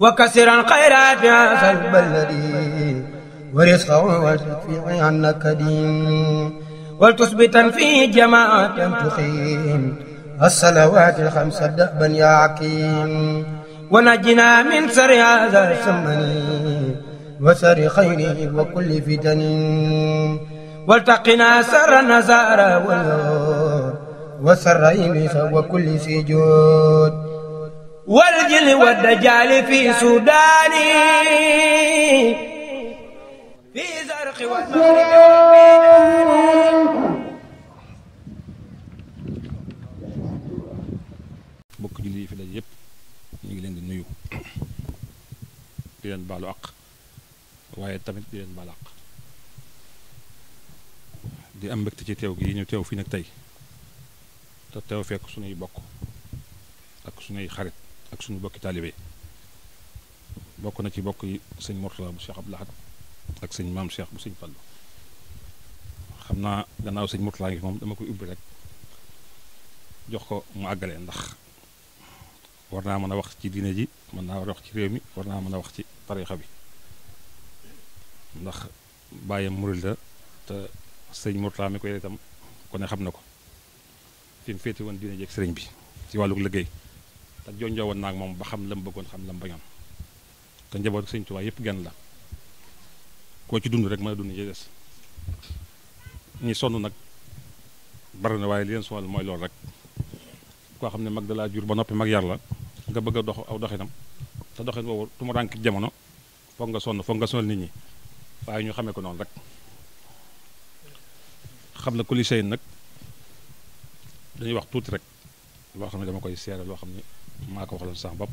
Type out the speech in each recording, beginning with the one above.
وكسر الخيرات عسى البلد ورزقه واشفي عنك دين ولتثبتا في جماعة تقيم الصلوات الخمس دأبا يا عكيم ونجنا من سر هذا السمن وسر خيره وكل فتن والتقنا سر نزار والنور وسر وكل سجود والجل والدجال في سوداني في زرق bokk julli fi daje yëpp ñu ngi leen di nuyu di leen baalu àq waaye tamit di leen baalu àq di am mbégte ci teew gi ñu teew fii nag tey te teew fekk suñuy bokk ak suñuy xarit ak suñu bokki taalibe bokk na ci bokk yi sëñ Mourtala bu Cheikh Abdou Lahad ak sëñ maam Cheikh bu sëñ Fallou xam naa gannaaw sëñ Mourtala ngi moom dama koy ubbi rek jox ko mu àggale ndax war naa mën a wax ci diine ji mën naa war a wax ci réew mi war naa mën a wax ci tariixa bi ndax bàyyam murid la te sëñ Mourtala mi koy itam ku xam na ko fi mu féete woon diine ji ak sëriñ bi ci wàllu liggéey. te jonjoo woon naa moom ba xam lam bëggoon xam lam bañoon te njaboot sëñ Tuubaa yëpp gen la koo ci dund rek mën a dund ci des ñi sonn nag bari na waaye li leen sonal mooy loolu rek koo xam ne mag dalaa jur ba noppi mag yar la nga bëgg a dox aw doxinam te doxin boobu tu jamono foog nga sonn foog nga sonal nit ñi waaye ñu xamee ko noonu rek xam la ku li sëy nag dañuy wax tuuti rek loo xam ne dama koy seere loo xam ne maa ko waxaloon sax bopp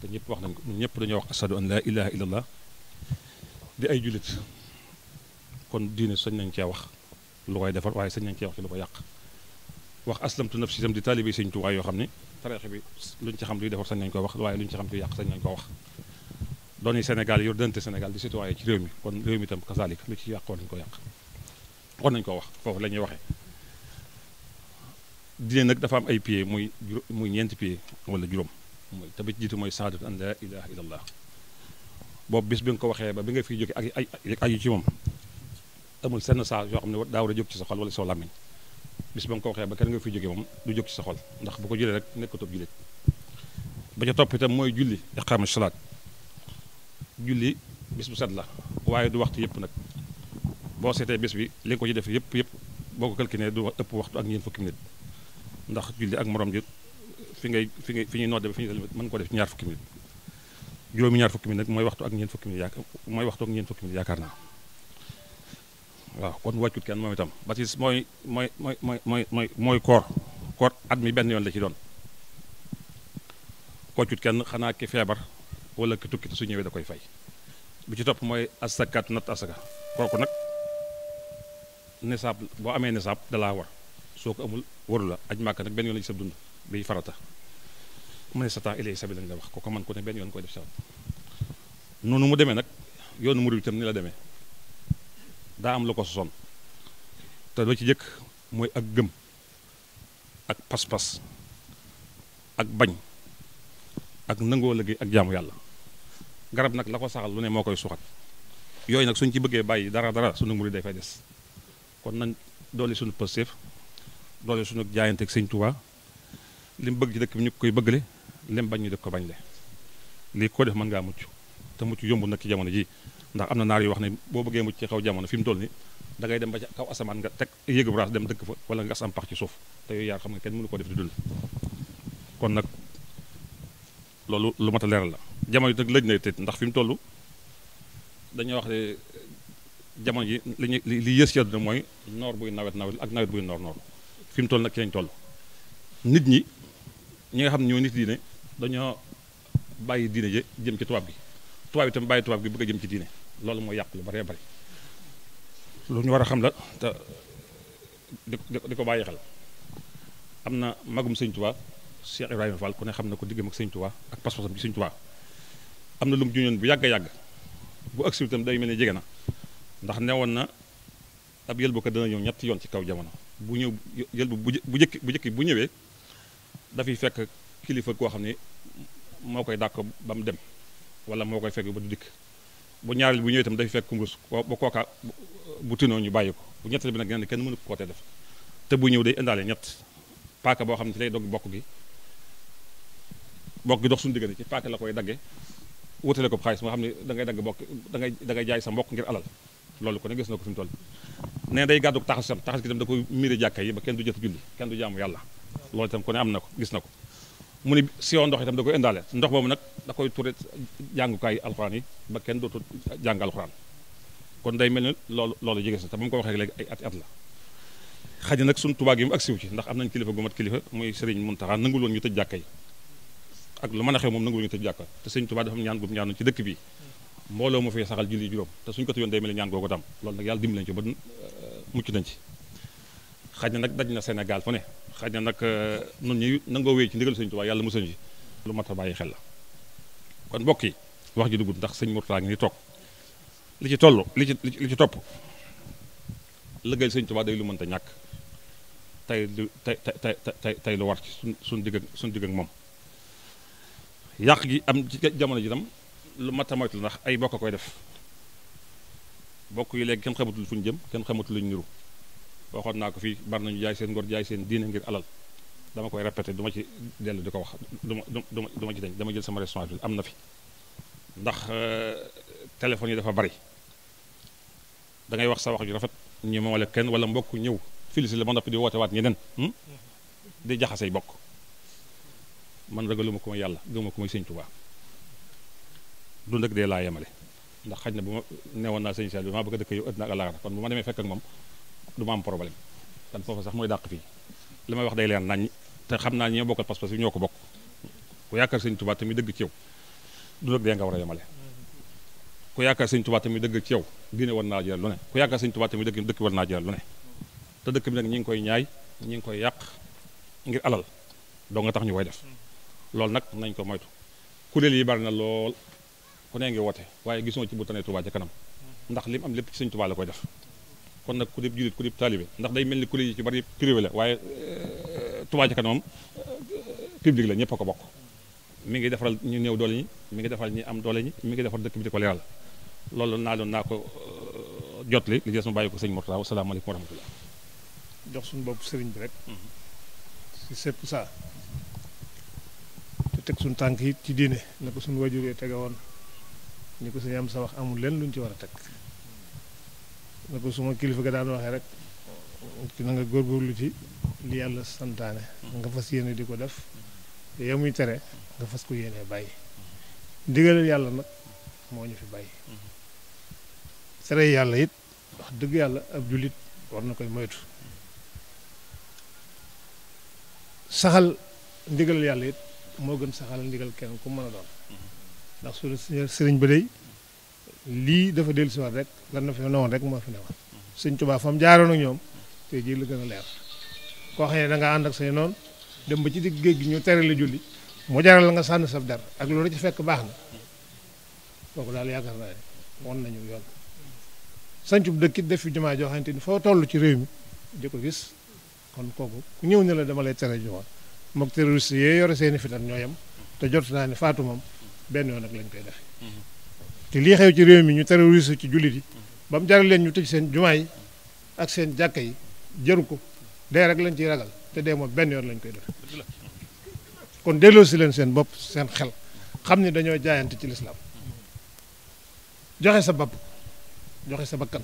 te ñëpp wax nañ ko ñëpp dañoo wax ashadu an laa ilaha illallah di ay jullit kon diine sañ nañ cee wax lu koy defar waaye sañ nañ cee wax lu ko yàq wax aslamtu nafsi itam di taalibe sëñ Tuubaa yoo xam ne tareex bi luñ ci xam luy defar sañ nañ ko wax waaye luñ ci xam luy yàq sañ nañ ko wax dooni Sénégal yor dante Sénégal di citoyen ci réew mi kon réew mi itam kasaalika lu ci yàq war nañ ko yàq war nañ ko wax foofu la ñuy waxee diine nag dafa am ay pie muy muy ñeenti pieds wala juróom mooy tamit jiitu mooy saadatu an laa ilaha illallah boobu bis bi nga ko waxee ba bi nga fiy jóge ak ay aju ci moom amul senn saa yoo xam ne daa war a jóg ci sa xol wala soo làmmiñ bis ba nga ko waxee ba kenn nga fi jógee moom du jóg ci sa xol ndax bu ko jëlee rek nekkatoo jullit ba ca toppitam mooy julli iqaama salaat julli bis bu set la waaye du waxtu yëpp nag boo seetee bis bi li nga ko yëpp yëpp boo ko calculé du ëpp waxtu ak ñeent fukki ndax julli ak moroom ji fi ngay fi fi ñuy nodde ba fi ñuy mën ko def ñaar fukki minute juróomi ñaar fukki minute nag mooy waxtu ak ñeent fukki minute yaakaar mooy waxtu ak ñeent fukki minute yaakaar naa waaw kon wàccut kenn moom itam ba ci mooy mooy mooy mooy mooy mooy koor koor at mi benn yoon la ci doon wàccut kenn xanaa ki feebar wala ki tukki te su ñëwee da koy fay bu ci topp mooy asakaatu natt asaka kooku nag nisaab boo amee nisaab dalaa war soo ko amul waru la aj màkk nag benn yoon la ci sa dund bi farata mu ne sa ilay sabi lañ la wax ko ko man ko ne benn yoon koy def sawat noonu mu demee nag yoonu murid itam ni la deme daa am lu ko sosoon te la ci jëkk mooy ak gëm ak pas ak bañ ak nangoo liggéey ak jaamu yàlla garab nag la ko saxal lu ne moo koy suxat yooyu nag suñ ci bëggee bàyyi dara dara sunu murid day fay des kon nañ doole suñu pësteef doole suñu jaayante ak sëñ Tuubaa lim bëgg ci dëkk bi ñu koy bëggale lim bañ ñu def ko bañ le lii ko def mën ngaa mucc te mucc yombul nag ci jamono ji ndax am na naar yu wax ne boo bëggee mucc ci xaw jamono fi mu toll ni da dem ba ci kaw nga teg yéegu braas dem dëkk fa wala nga gas ci suuf te xam nga kenn mënu ko def di dund nag loolu lu mat a leeral la jamono yi nag lëj na tëj ndax fi mu toll dañuy wax ne jamono yi li li yées ci àdduna mooy noor buy nawet nawet ak nawet buy noor noor fi mu toll nag ci lañ toll nit ñi ñi nga xam ne ñoo nit diine dañoo bàyyi diine je jëm ci tubaab gi tubaab itam bàyyi tubaab gi bëgg a jëm ci diine loolu mooy yàq lu baree bari lu ñu war a xam la te di di ko bàyyi xel am na magum sëñ Tuubaa Cheikh Ibrahima Fall ku ne xam na ko diggam ak sëñ Tuubaa ak pas-pasam ci sëñ Tuubaa am na lu mu bu yàgg yàgg bu agsi itam day mel ni jege na ndax newoon na ab yëlbu ko dana ñëw ñetti yoon ci kaw jamono bu ñëw yëlbu bu jëkki bu jëkki bu ñëwee dafay fekk kilifa koo xam ne moo koy dàq ba mu dem wala moo koy fekk ba du dikk bu ñaareel bu ñëwee itam dafay fekk kumbrus bu kooka bu tinoo ñu bàyyi ko bu ñetteel bi nag nee kenn mënu ko kootee def te bu ñëw day indaalee ñett paaka boo xam ne ci lay dog bokk gi bokk gi dox suñu diggante ci paaka la koy dagge wutale ko xaalis moo xam ne da ngay dagg bokk dangay ngay jaay sa mbokk ngir alal loolu ko ne gis na ko fi mu toll ne day gàddu taxasam taxas gi tam da koy miire jàkka yi ba kenn du jëf julli kenn du jaamu yàlla loolu itam ko ne am na ko gis na ko mu ne siwo ndox itam da koy indaale ndox boobu nag da koy ture jàngukaay alxuraan yi ba kenn dootu jàng alxuraan kon day mel ni loolu loolu jege na te mu ko waxee léegi ay at at la xaj na nag suñ tubaa gi mu agsiw ci ndax am nañ kilifa gu mat kilifa muy sëriñ Muntaxa nangul woon ñu tëj jàkka yi ak lu mën a xew moom nangul woon ñu tëj jàkka te sëriñ tubaa dafa am ñaan gum ñaanoon ci dëkk bi mbooloo mu fi saxal julli juróom te suñ ko tuyoon day mel ñaan googu tam loolu nag yàlla dimbali nañ ci ba euh, mucc nañ ci xaj na nag daj na Sénégal fu ne xaj na nag euh, nun ñu nangoo wéy ci ndigal sëñ Tuubaa yàlla mu ñu lu mat a bàyyi xel la kon mbokk yi wax ji dugut ndax sëñ Murtaa ngi ni toog li ci toll li ci li ci topp liggéeyal sëñ Tuubaa day lu mënta ñàkk tey lu tey tey tey tey lu war ci suñ suñ digg ak suñ digg moom yàq gi am ci jamono ji tam lu mat a moytu ndax ay bokk koy def bokk yi léegi kenn xamatul fu ñu jëm kenn xamatul lu ñu niru waxoon naa ko fii bar nañu jaay seen ngor jaay seen diine ngir alal dama koy répété duma ci dellu di ko wax duma duma duma ci dañ dama jël sama responsabilité am na fi ndax euh, téléphone yi dafa bari dangay wax sa wax ju rafet ñu moomale kenn wala mbokk ñëw filisi la ba noppi di woote waat ñeneen hmm? mm-hmm. di jaxasey bokk man ragaluma ko may yàlla gëmuma ko may sëñ Tuubaa dund ak dee laa yemale ndax xaj na bu ma newoon naa sëñ Saliou maa bëgg a dëkk yow àddina ak àllaaxira kon bu ma demee fekk ak moom du ma am problème kan foofu sax mooy dàq fii li may wax day leer nañ te xam naa ñoo bokkal pas-pas yi ñoo ko bokk ku yaakaar sëñ Tuubaa tamit dëgg ci yow dund ak dee nga war a yemale ku yaakaar sëñ Tuubaa tamit dëgg ci yow diine war naa jëral lu ne ku yaakaar sëñ Tuubaa tamit dëgg dëkk te dëkk bi nag ñi ngi koy ñaay ñi ngi koy yàq ngir alal doo nga tax ñu koy def loolu nag nañ ko moytu yi bari na lool ku nee ngi woote waaye gisoo ci bu tane Touba ca kanam ndax li am lépp ci sëñ Touba la koy def kon nag ku dib julit ku dib taalibe ndax day mel ni ku yi ci bari privé la waaye eh, Touba ca kanam eh, public la ñëpp a ko bokk ngi defaral ñu néew doole ñi mi ngi defaral ñi am doole ñi mi ngi defar dëkk bi di ko leeral loolu naa doon naa ko eh, jot li li des ma bàyyi ko sëñ Mourtada wasalaamaaleykum wa rahmatullah jox suñu bopp sëriñ bi rek mm-hmm. si sëpp tànk yi ci diine na ko suñu wajuree woon ni ko sëñ am sa wax amul leen luñ ci war a teg ne ko suma kilifa ga daan waxee rek na nga góorgóorlu ci li yàlla santaane nga fas yéene di ko def te yow tere nga fas ko yéene bàyyi digaleel yàlla nag moo ñu fi bàyyi tere yàlla it wax dëgg yàlla ab jullit war na koy moytu saxal ndigal yàlla it moo gën saxal ndigal kenn ku mën a doon ndax suñu sëriñ ba day lii dafa dellu si waat rek lan na fi newoon rek moo fi newoon sëñ Tuubaa fa mu jaaroon ñoom tey jii la gën a leer koo xam ne da ngaa ànd ak say noonu dem ba ci digg géej gi ñu tere la julli moo jaral la nga sànni saf der ak loolu ci fekk baax na kooku daal yaakaar naa ne won nañu yoon sancub dëkk it def fi jumaa joo xamante ni foo toll ci réew mi di ko gis kon kooku ku ñëw ne la dama lay tere jumaa mook terroriste yee yore seeni fitan ñoo yem te jot naa ne faatu moom benn yoon nag lañ koy defe te lii xew ci réew mi ñu terroriste ci jullit yi ba mu jaral leen ñu tëj seen jumaay ak seen jàkka yi jëru ko dee rek lañ ciy ragal te dee moo benn yoon lañ koy defe kon delloo si leen seen bopp seen xel xam ni dañoo jaayante ci lislaam joxe sa bapp joxe sa bakkan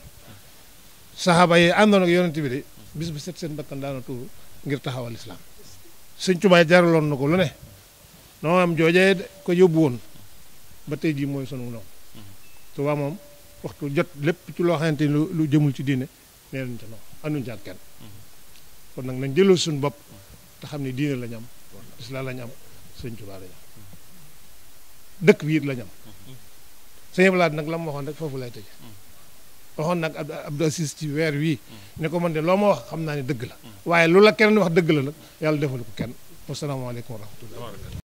saxaaba yi àndoon ak yonent bi de bis bu set seen bakkan daana tuuru ngir taxawal lislaam sëñ Tuubaa jaraloon na ko lu ne noo am joojee ko yóbbu woon ba tey jii mooy sunu ndox. Mm-hmm. Tuubaa moom waxtu jot lépp ci loo xamante ni lu jëmul ci diine nee nañ ca ndox anuñ caat kenn. Mm-hmm. kon nag nañ jëloo suñu bopp te xam ne diine lañ am islaam lañ am sëñ Tuubaa lañ am mm-hmm. dëkk bi it lañ am. sëñ nag la mu waxoon rek foofu lay tëj waxoon nag Abdou Assis weer wii ne ko man de loo ma wax xam naa ne dëgg la waaye lu la keneen wax dëgg la nag yàlla defal ko kenn wasalaamaaleykum wa rahmatullah